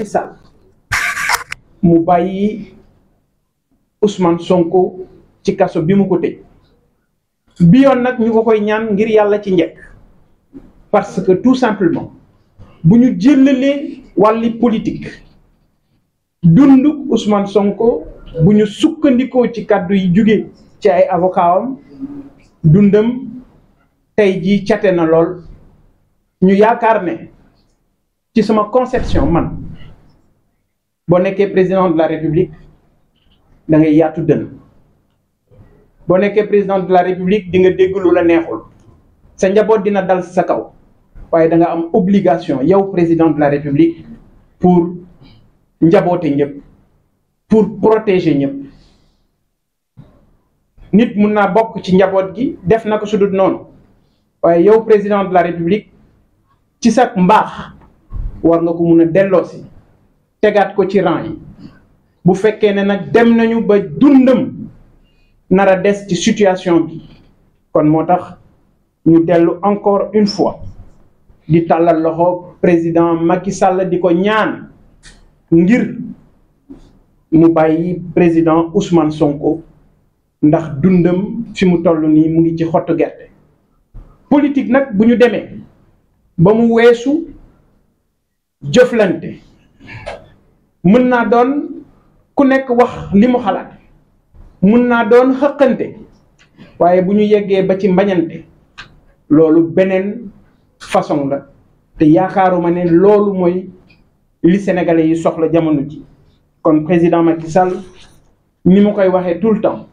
Sall mu bàyyi Ousmane Sonko ci kaso bi mu ko tëj bi yoon nag ñu ko koy ñaan ngir yàlla ci njëkk parce que tout simplement bu ñu jëllalee wàlli politique dund Ousmane Sonko bu ñu sukkandikoo ci kàddu yi jóge ci ay avocat dundam tey jii cate na lool ñu yaakaar ne ci sama conception man boo nekkee président de la république da ngay yaatu dënn boo nekkee président de la république di nga dégg lu la C'est sa njaboot dina dal sa kaw waaye da nga am obligation yow président de la république pour njaboote ñëpp pour protéger ñëpp nit mun naa bokk ci njaboot gi def na ko su dul noonu waaye yow président de la république ci sa mbaax war nga ko mun a delloosi tegaat ko ci rang yi bu fekkene nak dem nañu ba dundam nara dess ci situation bi kon motax ñu delu encore une fois di talal loxo président Macky Sall diko ñaan ngir mu bayyi président Ousmane Sonko ndax dundam fi mu tollu ni mu ngi ci xottu gerte politique nak buñu démé ba mu mën naa doon ku nekk wax limu mu xalaat mën naa doon xëqante waaye bu ñu yeggee ba ci mbañante loolu beneen façon la te yaakaaruma ne loolu mooy li sénégalais yi soxla jamono ji kon président Macky Sall ni mu koy waxee tout le temps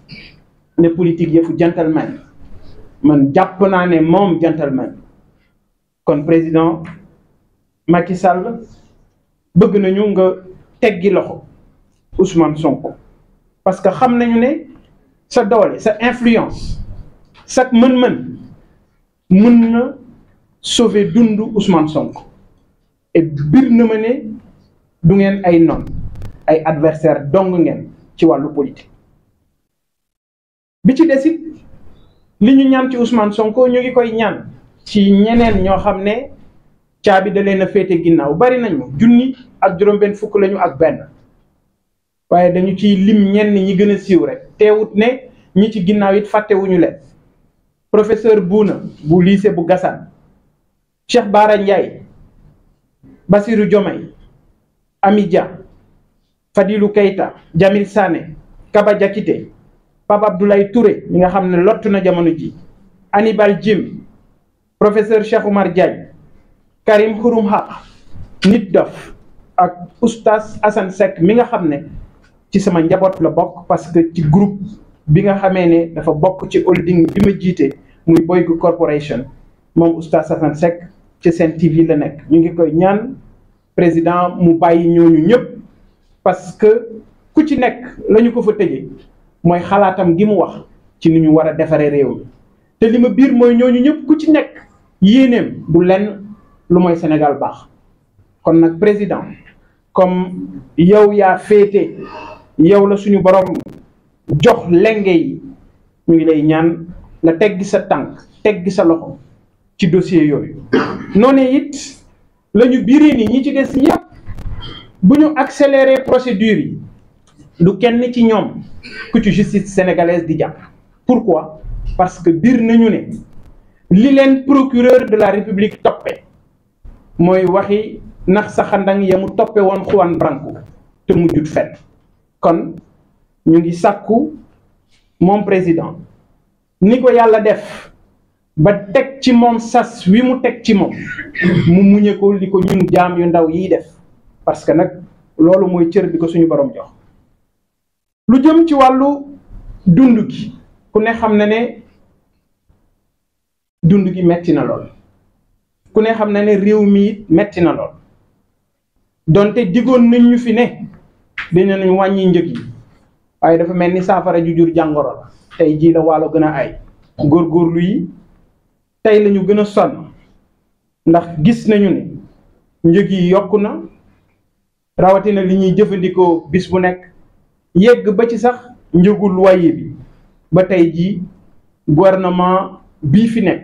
ne politique yëfu gentleman man jàpp naa ne moom gentleman kon président Macky Sall bëgg nañu nga. teggi loxo Ousmane Sonko parce que xam nañu ne sa doole sa influence sa mën-mën mën na sauver dundu Ousmane Sonko et bir na ma ne du ngeen ay non ay adversaire dong ngeen ci walu politique bi ci desit li ñu ñaan ci Ousmane Sonko ñu ngi koy ñaan ci ñeneen ñoo xam ne caabi da leen a féete ginnaaw bari nañu junni ak juróom-benn fukk lañu ak benn waaye dañu ci lim ñenn ñi gën a siiw rek teewut ne ñi ci ginnaaw it fàttewuñu leen professeur Bouna bu lycée bu Gassane Cheikh Bara Ndiaye Bassirou Diomaye Ami Dia Fadilou Keita Jamil Sané Kaba Diakité Pape Abdoulaye Touré mi nga xam ne lott na jamono ji Hannibal Djim professeur Cheikh Oumar Diagne Karim Xurum Xaq nit dof ak oustaz Assane mi nga xam ne ci sama njaboot la bokk parce que ci groupe bi nga xamee ne dafa bokk ci holding bi ma jiite muy Boygu Corporation moom oustaz Assane Seck ci seen TV la nekk ñu ngi koy ñaan président mu bàyyi ñooñu ñëpp parce que ku ci nekk lañu ko fa tëjee mooy xalaatam gi mu wax ci ni ñu war a defaree réew mi te li ma biir mooy ñooñu ñëpp ku ci nekk yéeneem du lenn lu mooy Sénégal baax kon nag président comme yow yaa féete yow la suñu borom jox lenge yi ñu ngi lay ñaan nga teggi sa tank teggi sa loxo ci dossier yooyu noné yit lañu biré ni ñi ci dess ñep buñu accélérer procédure yi du kenn ci ñom ku ci justice sénégalaise di jàpp pourquoi parce que bir nañu né li len procureur de la république topé mooy waxi nax saxandang ya mu toppe woon Juan Branco te mu jut kon ñu ngi sakku moom président ni ko yàlla def ba tek ci mom sas wi mu tek ci mom mu muñe ko liko ñun jaam yu ndaw yi def parce que nak lolu mooy cër bi suñu borom jox lu jëm ci walu dundu gi ku ne xam na ne dundu gi metti na lolu ku ne xamna ne rew mi metti na lol donte digon nañ ñu fi ne dinañ wañi njëg yi waaye dafa melni safara ju jur jangoro la tay ji la gëna ay gor gor lu yi tay lañu gëna son ndax gis nañu ne yokuna. yi rawati na li ñi jëfëndiko bis bu nek yegg ba ci sax waye bi ba tay ji gouvernement bi fi nek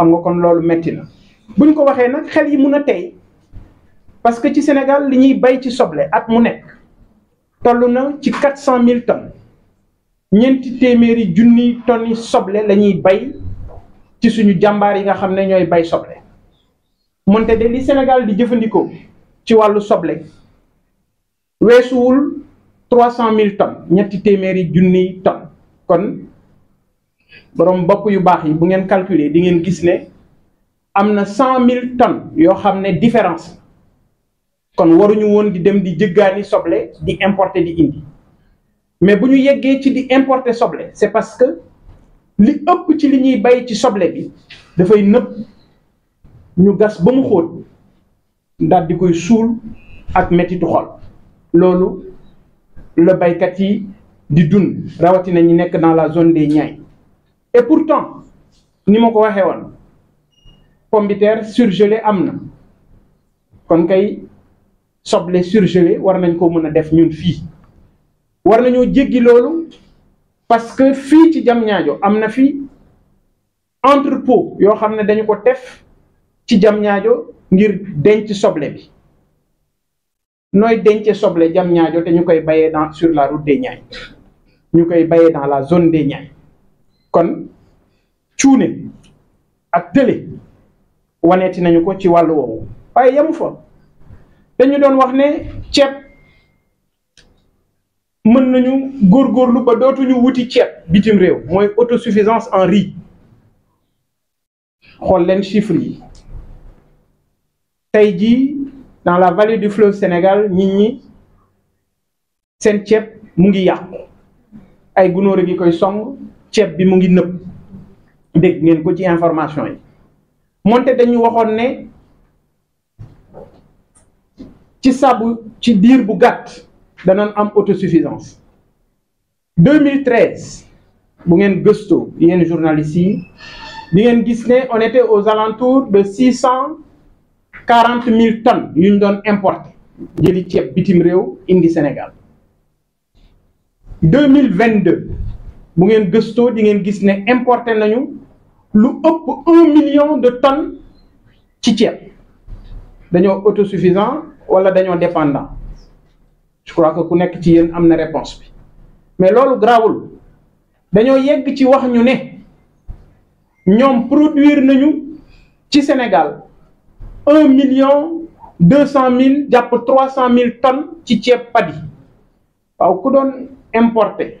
xam nga kon loolu metti na buñ ko waxee nag xel yi mun a tey parce que ci Sénégal li ñuy bay ci soble ak mu nekk toll na ci quatre cent mille tonnes ñeenti téeméeri junni tonni soble la bay ci suñu jàmbaar yi nga xam ne ñooy bay soble moonte de li Sénégal di jëfandikoo ci wàllu soble weesuwul trois cent mille tonnes ñetti téeméeri junniy tonnes kon borom bopp yu baax yi bu ngeen calculer di ngeen gis ne am tonnes yoo ne différence kon waruñu woon di dem di soble di importer di indi mais bu ñu ci di importer c'est parce que li ëpp ci li ñuy bay ci soble bi dafay ñu gas ba mu xóot daal di koy suul ak xol la yi di dans la zone des et pourtant ni mon ko waxee woon surgelé amna. quand kon kay soble surgelé war nañ ko mëna def ñun war parce que ci fi entrepôt yo xamné ko tef ci ngir denc soble bi dans sur la route des Ñukay dans la zone des kon cuune ak dële waneeti nañu ko ci wàllu woowu waaye yamu fa dañu doon wax ne ceeb mën nañu góorgóorlu ba dootuñu wuti ceeb bitim réew mooy autosuffisance en riz xool leen chifre yi tey jii dans la vallée du fleuve Sénégal nit ñi seen ceeb mu ngi yàqu ay gunóor a ngi koy song ceeb bi mu ngi nëb dégg ngeen ko ci information yi moonte dañu waxoon ne ci sabu ci diir bu gàtt danañ am autosuffisance 2013 bu ngeen un yéen journalistes yi di ngeen gis ne on était aux alentours de 640 000 tonnes yu ñu doon importé jëli ceeb bitim réew indi Sénégal 2022 bu ngeen gëstoo di ngeen gis ne importé nañu lu ëpp un million de tonnes ci ceeb dañoo autosuffisant wala dañoo dépendant je crois que ku nekk ci yéen am na réponse bi mais loolu grawul dañoo yegg ci wax ñu ne ñoom produire nañu ci Sénégal un million deux cent mille jàpp trois cent mille tonnes ci ceeb padi waaw ku doon importer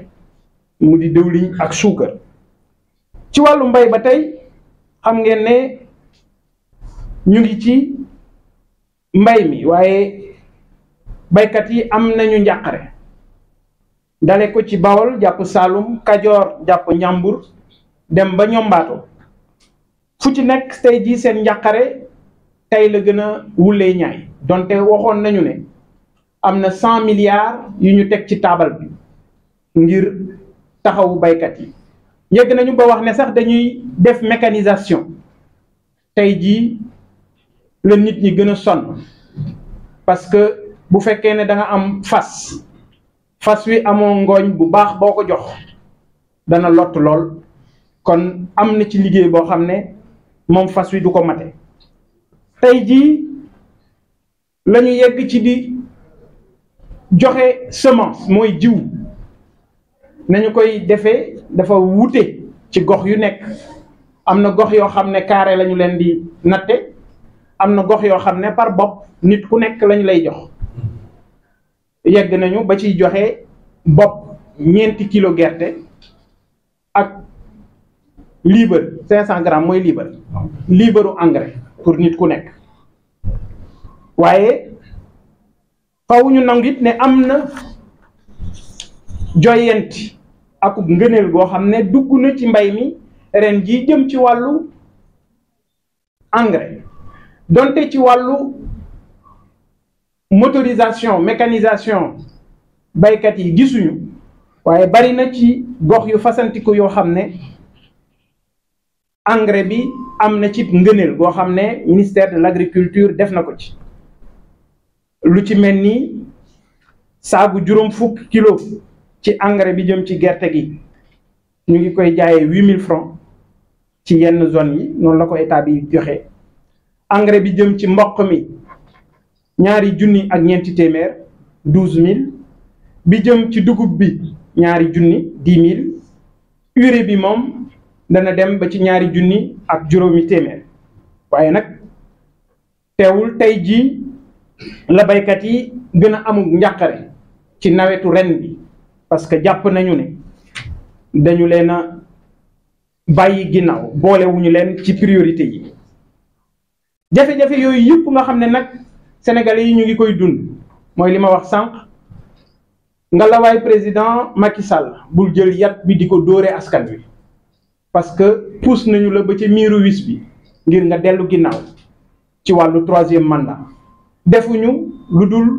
mu di diwliñ ak suukar ci wàllu mbay ba tey xam ngeen ne ñu ngi ci mbay mi waaye baykat yi am nañu njàqare dale ko ci Bawol jàpp Saalum Kajoor jàpp Njàmbur dem ba ñombaato fu ci nekk tey ji seen njàqare tey la gën a wulee ñaay donte waxoon nañu ne am na cent milliards yu ñu teg ci taabal bi ngir taxawu baykat yi yëgg nañu ba wax ne sax dañuy def mécanisation tey jii la nit ñi gën a sonn parce que bu fekkee ne da am fas fas wi amoo ngooñ bu baax boo ko jox dana lott lool kon am na ci liggéey boo xam ne moom fas wi du ko mate tey jii lañu yëgg ci di joxe semence mooy jiw nañu koy defee dafa wute ci gox yu nekk am na gox yoo xam ne carré lañu leen di natte am na gox yoo xam ne par bopp nit ku nekk lañu lay jox yegg nañu ba ci joxe bopp ñeenti kilo gerte ak liibar cinq cent grammes mooy liibar liibaru engrais pour nit ku nekk waaye faw ñu nangu ne am na joyanti akub ngëneel goo xam ne dugg na ci mbay mi ren jii jëm ci wàllu engrais donte ci wàllu motorisation mécanisation baykat yi gisuñu waaye bari na ci gox yu fasantiku yoo xam ne engrais bi am na ci ngëneel goo xam ne ministère de l'agriculture def na ko ci lu ci mel nii saabu juróom fukk kilo ci engrais bi jëm ci gerte gi ñu ngi koy jaaye huit mille francs ci yenn zone yi noonu la ko état bi joxe engrais bi jëm ci mboq mi ñaari junni ak ñeenti téeméer douze mille bi jëm ci dugub bi ñaari junni dix mille bi moom dana dem ba ci ñaari junni ak juróomi téeméer waaye nag teewul tey jii la baykat yi gën a amul njàqare ci nawetu ren bi parce que jàpp nañu ne dañu leen a bàyyi ginnaaw boolewuñu leen ci priorité yi jafe-jafe yooyu yëpp nga xam ne nag sénégalais yi ñu ngi koy dund mooy li ma wax sànq nga lawaay président makisal Sall bul jël yat bi di ko dóore askan wi parce que pousse nañu la ba ci miiru wis bi ngir nga dellu ginnaaw ci wàllu troisième mandat defuñu lu dul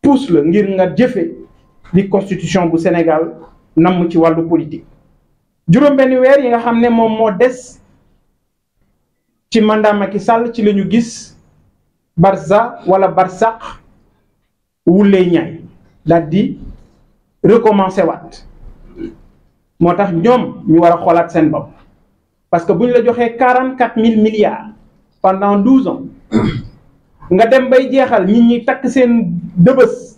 pousse la ngir nga jëfe li constitution du Sénégal nam ci walu politique juróom-benn weer yi nga xamné mom mo dess ci mandat Macky Sall ci la ñu gis Barza wala Barsaq wulee ñaay daal di recommencer wat motax ñom ñu wara xolat sen bop parce que buñ la joxé 44000 milliards pendant 12 ans nga dem bay jéxal nit ñi tak sen dëbës.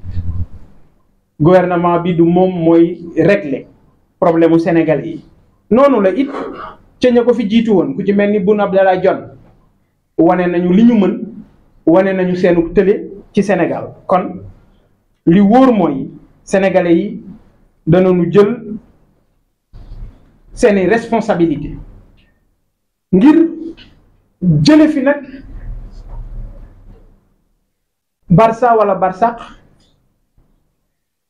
gouvernement bi du mom moy régler problème mu Sénégal yi nonou la it ci ña ko fi jitu won ku ci melni ni Abdallah Dionne nañu li ñu mën wane nañu senu télé ci Sénégal kon li wóor Senegal sénégalais yi nañu jël sen responsabilité ngir jëlé fi nak Barça wala barça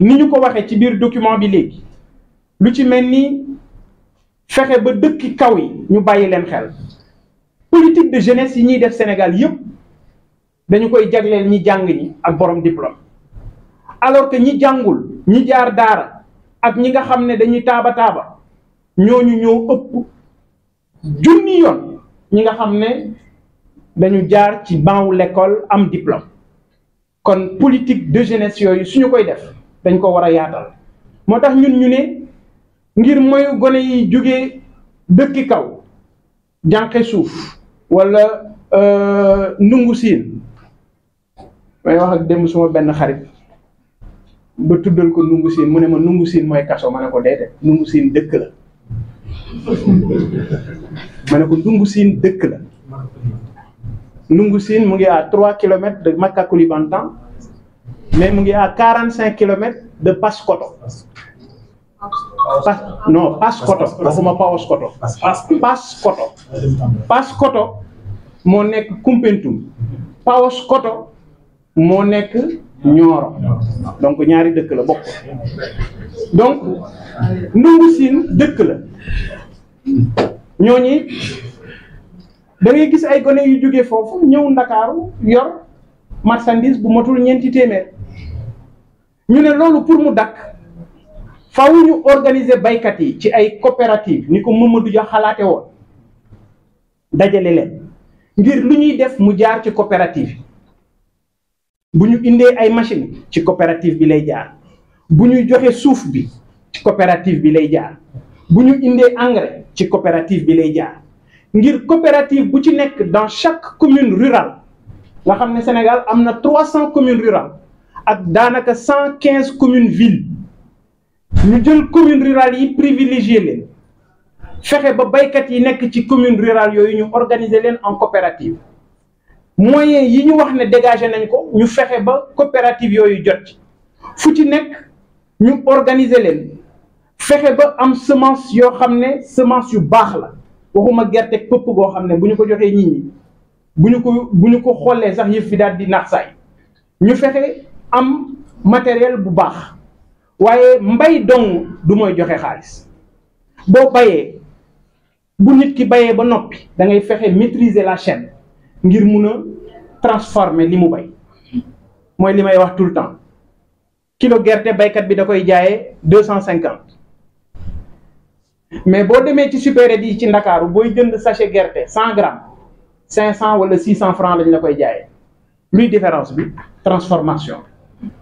ni ko document bi nous lu ci mel ni kaw yi politique de jeunesse yi ñuy def Sénégal yépp dañu koy jagleel ñi jàng ñi ak borom diplôme alors que ñi jàngul ñi jaar daara ak ñi nga xam dañuy taaba taaba ñooñu ñoo ñi nga dañu jaar ci diplôme kon politique de jeunesse suñu dañ ko wara Mata yaatal motax ñun ñu ne ngir moyu gone yi jóge dekk kaw jànqe suuf wala euh, nungu siin may wax ak dem suma ben xarit ba tuddal ko nungu siin mu ne ma nungu siin moy kaso ma ne ko déedéet nungu siin dekk la ma ko nungu siin dekk la nungu mu ngi à 3 km de Makka mais mu ngi à quarante cinq kilomètres de Paskoto pas non Paskoto waxuma Paoskoto Paskoto Paskoto moo nekk Koumpentoum Paoskoto moo nekk Nioro donc ñaari dëkk la bokk donc Ndungu Siin dëkk la ñooñi da ngay gis ay gone yu jóge foofu ñëw Ndakaaru yor marchandise bu matul ñeenti téeméer Nous ne loolu pour mu dakk faw ñu organiser baykat ci ay coopérative ni ko Mamadou ja xalaate woon dajale leen ngir lu ñuy def mu jaar ci coopérative bu ñu ay machine ci coopérative bi lay jaar bu ñuy joxe suuf bi ci coopérative bi lay jaar engrais ci dans chaque commune rurale nga avons Sénégal am 300 communes rurales ak danaka 115 communes villes ñu jël communes rurales yi privilégié leen fexe ba baykat yi nekk ci commune rurale yooyu ñu organiser leen en coopérative moyen yi ñu wax ne dégager nañ ko ñu fexe ba coopérative yooyu jot fu ci nekk ñu organiser leen fexe ba am semence yoo xam ne semence yu baax la waxuma gerte pëpp goo xam ne bu ñu ko joxee nit ñi bu ñu ko bu ñu ko sax yëf fi daal di naax saay ñu fexe am matériel bu baax waaye mbay dong du mooy joxe xaalis boo bayee bu nit ki bayee ba noppi da ngay fexe maîtriser la chaîne ngir mun transformer li mu bay mooy li may wax tout le temps kilo gerte baykat bi da koy jaayee 250 mais boo demee ci super di ci ndakaaru booy jënd sachet gerte 100 grammes 500 wala 600 francs lañ la koy jaayee luy différence bi transformation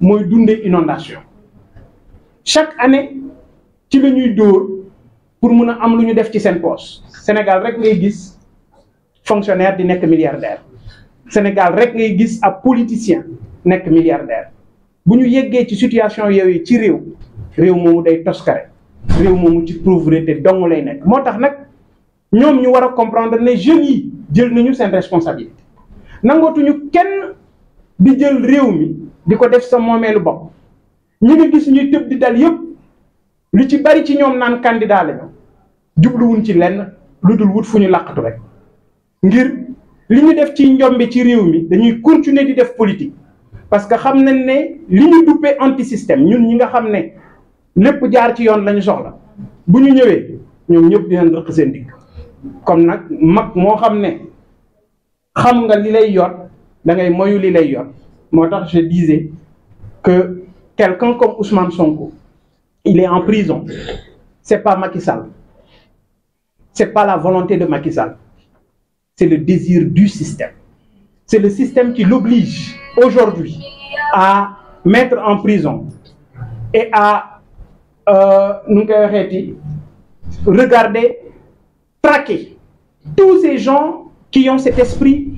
moy dundé inondation chaque année ci lañuy door pour am luñu Sénégal rek ngay gis fonctionnaire di nek milliardaire Sénégal rek ngay gis ab politicien nek milliardaire bu ñu ci situation y ci réew réew momu day toskare réew momu ci pauvreté dong lay nek motax nak ñom ñu comprendre né jeunes responsabilité di jël réew mi di ko def sa moomeelu bopp ñi nga gis ñuy tëb di dal yépp lu ci bari ci ñoom naan candidat lañu jubluwuñ ci lenn lu dul wut fu ñu làqatu rek ngir li ñu def ci njombe ci réew mi dañuy continuer di def politique parce que xam nañ ne li ñu duppee anti système ñun ñi nga xam ne lépp jaar ci yoon la soxla bu ñu ñëwee ñoom ñëpp dinañ rëq seen digg comme nag mag moo xam ne xam nga li lay yor je disais que quelqu'un comme Ousmane Sonko il est en prison c'est pas Macky Sall c'est pas la volonté de Macky Sall c'est le désir du système c'est le système qui l'oblige aujourd'hui à mettre en prison et à euh, nous regarder traquer tous ces gens qui ont cet esprit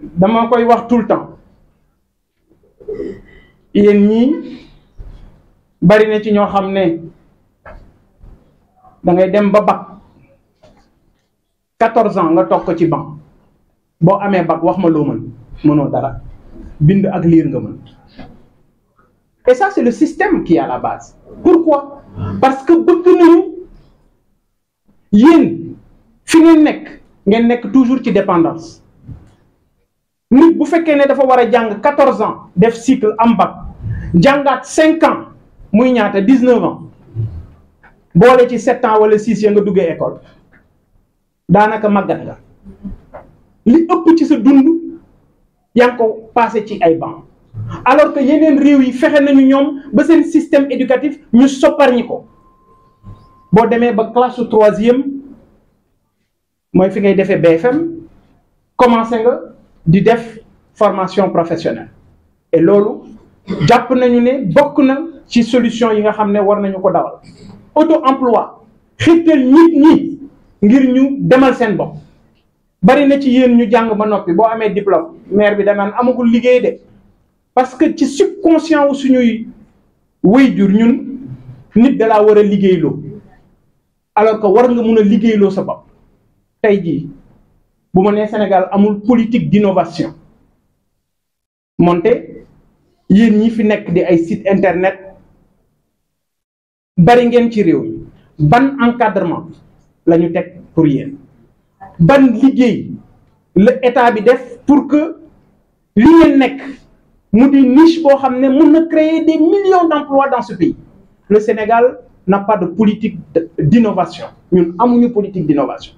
je koy wax tout le temps 14 bari na ci 14 ans nga tok ko ci nous bo amé bac wax ma lo man nous dara bind ak et ça c'est le système qui est à la base pourquoi parce que nous nañu nous toujours ci dépendance nit bu fekkee ne dafa war a jàng quatorze ans def cycle am bac jàngaat cinq ans muy ñaata dix-neuf ans boole ci sept ans wala six ya nga duggee école daanaka màggat nga li ëpp ci sa dund yaa ko passé ci ay banc alors que yeneen réew yi fexe nañu ñoom ba seen système éducatif ñu sopparñi ko boo demee ba classe troisième mooy fi ngay defee BFM commencé nga di def formation professionnelle et lolu japp nañu né bokk na ci solution yi nga xamné war nañu ko dawal auto emploi xiirtal nit ñi ngir ñu demal seen bopp bari na ci yeen ñu jàng ba noppi boo amee diplôme maire bi danaan amagul liggéey de parce que ci subconscient wu suñuy wayjur ñun nit la war a liggéeyloo alors que war nga mun a liggéeyloo sa bopp tey jii bu ma le Sénégal amul politique d'innovation Montez, il ñi fi a di site internet bari ngeen ci ban encadrement la ñu pour rien. ban liggéey l'état état pour que li nous nekk niche créer des millions d'emplois dans ce pays le Sénégal n'a pas de politique d'innovation ñun une politique d'innovation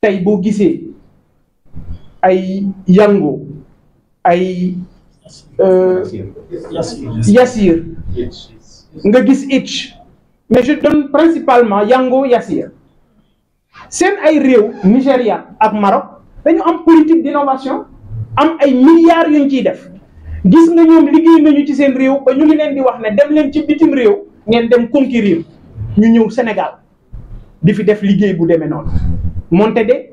tay bo gisé ay yango ay eh, yasir nga gis itch mais je donne principalement yango yasir Sen ay réew nigeria ak Maroc dañu am politique d'innovation am ay milliards yuñ ci def gis nga ñoom liggéey nañu ci sen réew ba ñu ngi leen di wax ne dem leen ci bitim réew ngeen dem conquérir ñu ñew Sénégal di fi def liggéey bu démé non monté des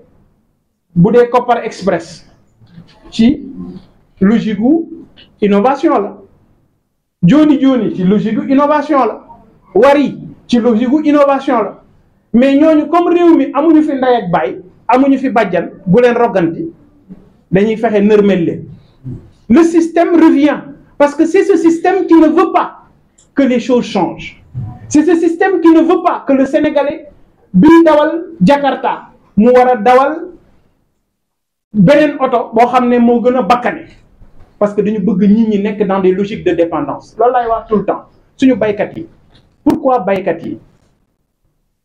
bu dee Express ci logique innovation la joni joni ci logique innovation la wari ci logique innovation la mais ñooñu comme réew mi amuñu fi nday ak bay amuñu fi badjal bu leen rogganti dañuy fexé nërmel le système revient parce que c'est ce système qui ne veut pas que les choses changent c'est ce système qui ne veut pas que le Sénégalais bi dawal Jakarta mu war a dawal beneen oto boo xam ne moo gën a bakkane parce que dañu bëgg nit ñi nekk dans des logiques de dépendance loolu laay wax tout le temps suñu baykat yi pourquoi baykat yi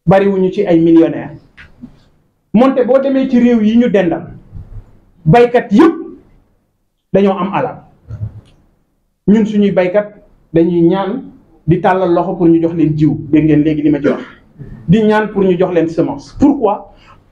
bariwuñu ci ay millionnaires moonte boo demee ci réew yi ñu dendal baykat yëpp dañoo am alal ñun suñuy baykat dañuy ñaan di tàllal loxo pour ñu jox leen jiw dégg ngeen léegi li ma ci wax di ñaan pour ñu jox leen semence pourquoi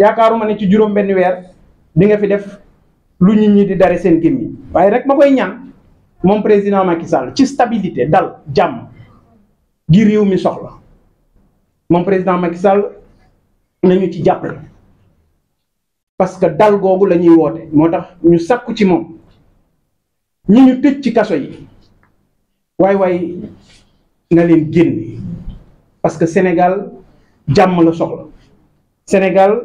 yaakaaruma ne ci juróom-benn weer di nga fi def lu nit ñi di dare seen yi waaye rek ma koy ñaan moom président Macky Sall ci stabilité dal jam gi réew mi soxla moom président Macky Sall nañu ci jàppale parce que dal googu la ñuy woote moo tax ñu sakku ci moom ñi ñu tëj ci kaso yi waay waay na leen génn parce que Sénégal jàmm la soxla Sénégal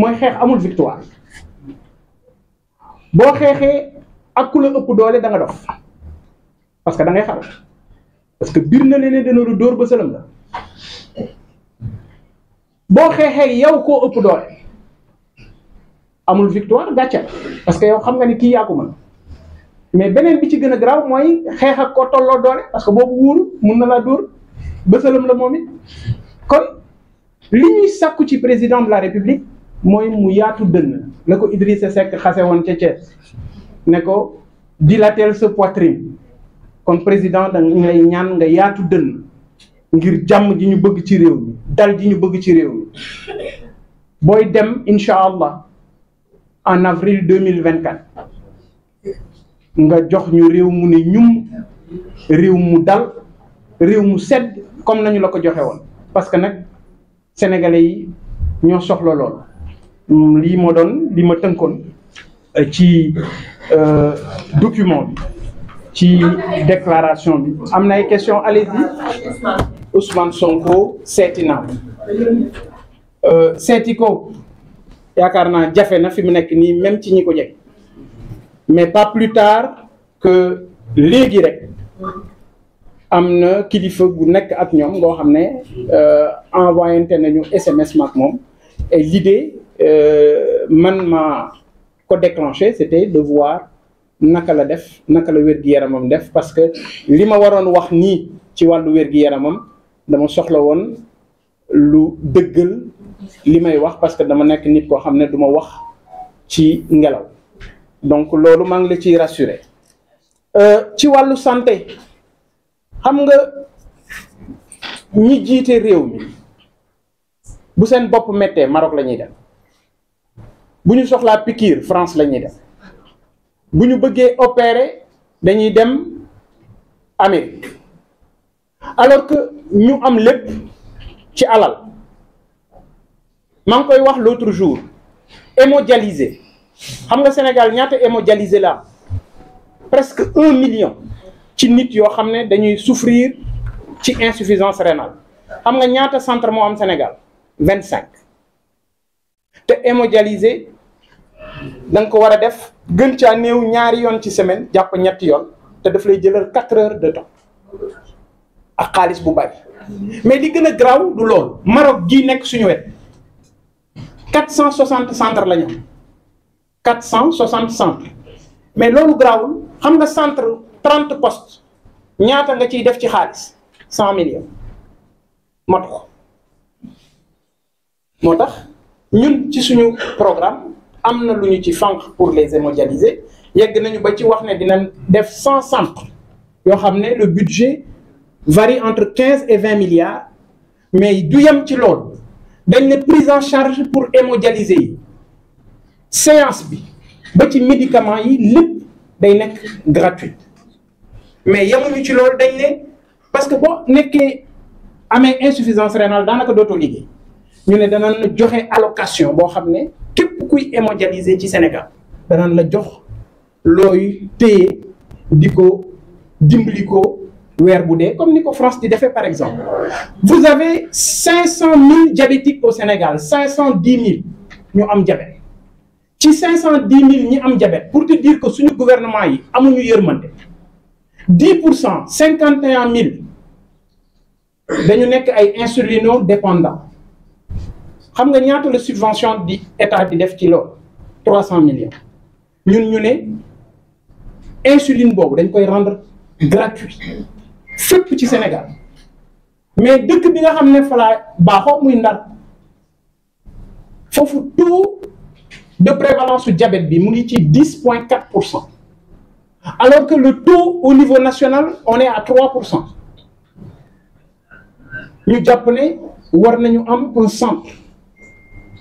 mooy xeex amul victoire boo xeexee ak ku la ëpp doole da nga dof parce que da ngay que biir na leneen dina lu dóor ba sëlam la boo xeexee yaw koo ëpp doole amul victoire gàcce parce que yow xam nga ni kii yaa ko mën mais beneen bi ci gën a garaaw mooy xeex ak koo tolloo doole parce que boobu wóoru mun na laa dóor ba sëlam la moom it kon li ñuy sàkku ci président de la république. moy mu yaatu deun la Idrissa Seck xasse won ci dilatel poitrine comme président nga ñaan nga yaatu deun ngir ji ñu bëgg ci mi dal ji dem inshallah en avril 2024. nga jox ñu réew mu ne ñum réew mu comme nañu parce que nag sénégalais yi ñoo Mm, lii moo doon li ma tënkoon euh, ci euh, document bi ci déclaration bi amna ay question allez-y Ousmane Sonko seeti euh seeti yakarna yaakaar na fi nek ni même ci ñi ko mais pas plus tard que légui rek amna qu'il kilifa gu nek ak go ngoo xam ne euh, envoyé nañu SMS mak mom et l'idée euh, man ma ko déclenché c'était de voir naka la def naka la wér yaramam def parce que li ma waroon wax ni ci walu wér-gi-yaramam dama soxla lu dëggal limay wax parce que dama nek nit ko xamne duma du wax ci ngelaw donc lolu mang ngi ci rassurer euh ci walu santé xam nga ñi jité réew mi bu sen bop metté Maroc la ñuy si nous France la France buñu bëggé opérer Amérique alors que nous am lépp ci alal maa koy l'autre jour hémodialysé xam nga Sénégal ñaata presque un million ci nit yoo xam souffrir ci insuffisance rénale xam nga ñaata centre moo am Sénégal 25 te hémodialysé da ko def gën a ñaari yoon ci semaine te daf lay heures de temps ak bu mais li gëna a du Maroc gi nekk suñu quatre centre mais loolu xam nga centre 30 postes ñaata nga ciy def ci millions nous avons un programme, amna avons ci pour les hémodialiser. Nous avons un 100 centres. le budget varie entre 15 et 20 milliards. Mais choses. Il y a une prise en charge pour émodialiser. Séance, bi, médicaments médicament, il est gratuit. Mais il y a un petit parce que si on a une insuffisance rénale, dans la d'autres nous avons une allocation pour savoir qui est mondialisé au Sénégal. Nous avons donné l'eau, thé, dico, dimblico, verboudé, comme Nico France par exemple. Vous avez 500 000 diabétiques au Sénégal, 510 000 nous avons diabète. Si 510 000 nous avons diabète, pour te dire que ce gouvernement à mon 10%, 51 000, nous sommes insulino-dépendants avons savez combien de subventions l'État 9 kg, 300 millions. Nous, nous, l'insuline, nous pouvons rendre gratuit. C'est petit Sénégal. Mais depuis que nous avons qu'il y a tout de prévalence du diabète, il 10,4%. Alors que le taux au niveau national, on est à 3%. Nous, Japonais, nous avons un centre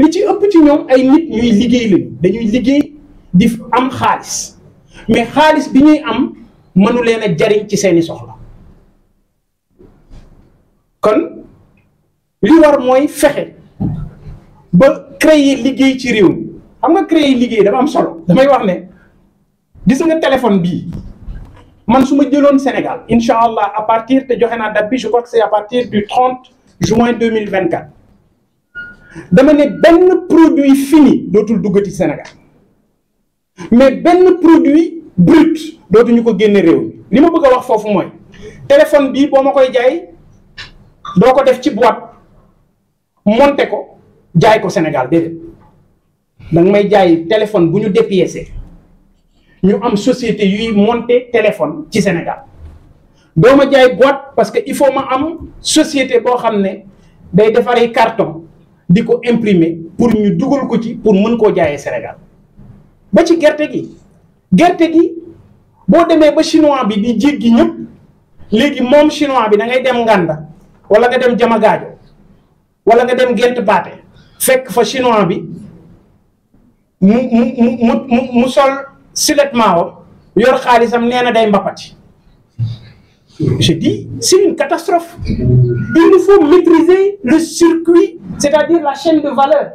li ci ëpp ci ñoom ay nit ñuy liggéey lañu dañuy liggéey di am xaalis mais xaalis bi ñuy am mënu leen a jariñ ci seeni soxla kon li war mooy fexe ba créer liggéey ci réew xam nga créer liggéey dafa am solo damay wax ne gis nga téléphone bii man su ma jëloon Sénégal incha allah à partir te joxe naa date bi je crois que c'est à partir du 30 juin 2024 dama a benn produit fini de le Sénégal mais benn produit brut dotu ko génne Le téléphone si je koy il def boîte monté ko au Sénégal Je danga may le téléphone nous ñu dépiécé avons une société qui monté téléphone au Sénégal ma boîte parce qu'il faut ma société Diko ko imprimer pour ñu duggal ko ci pour mën ko jaayé Sénégal ba ci gerte gi gerte gi bo démé ba chinois bi di jéggi ñëpp légui mom chinois bi da ngay dem nganda wala nga dem jama gaajo wala nga dem gent paté fekk fa chinois bi mu mu mu mu sol silet mawo yor xalisam néna day mbapati Je dis, c'est une catastrophe. Il nous faut maîtriser le circuit, c'est-à-dire la chaîne de valeur.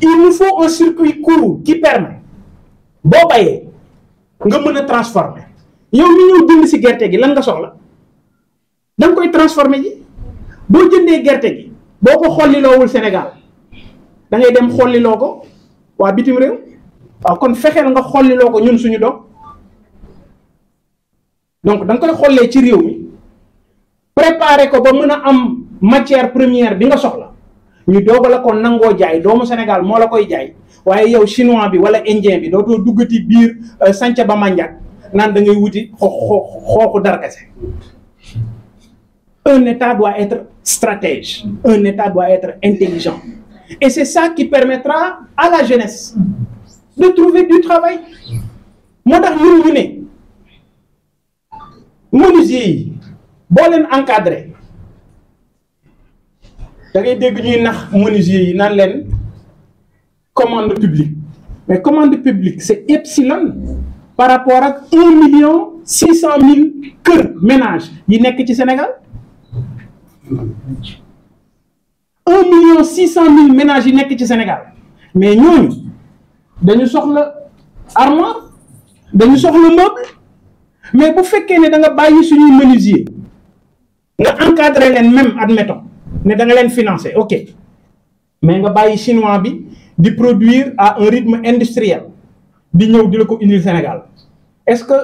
Il nous faut un circuit court qui permet, de transformer. nga y a transformer yow y a jënd si gi lan nga soxla da koy transformer ji transformés. jëndee gerte gi boo ko xolliloowul Sénégal transformés. dem xolliloo ko waa bitim réew transformés. kon fexeel nga xolliloo ko ñun suñu transformés. donc da nga koy ci préparer ko ba mën am matière première bi nga soxla ñu doog ko nango jaay doomu Sénégal mo la koy jaay waye yow chinois bi wala indien bi dootoo duggati bir euh, sànca ba manjak nan da ngay wuti xooxu darkase un État doit être stratège un État doit être intelligent et c'est ça qui permettra à la jeunesse de trouver du travail moo tax ñun ñu né menuisier si vous da ngay vous ñuy nax menuisier yi nan leen commande publique mais commande publique c'est epsilon par rapport à 1 million de ménages Vous ménage yi sénégal 1 million de ménages ménage yi nekk ci sénégal mais ñooñu dañu soxla nous dañu soxla meuble mais bu fekkee ne da nga bàyyi menuisier nga encadré leen mêmes admettons ne da nga financer ok mais nga bàyyi chinois bi de produire à un rythme industriel di ñëw di lako ko Sénégal est-ce que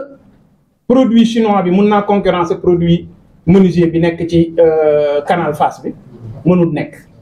produit chinois bi mun concurrencer produit menuisier bi nek ci euh, canal face bi mënul nek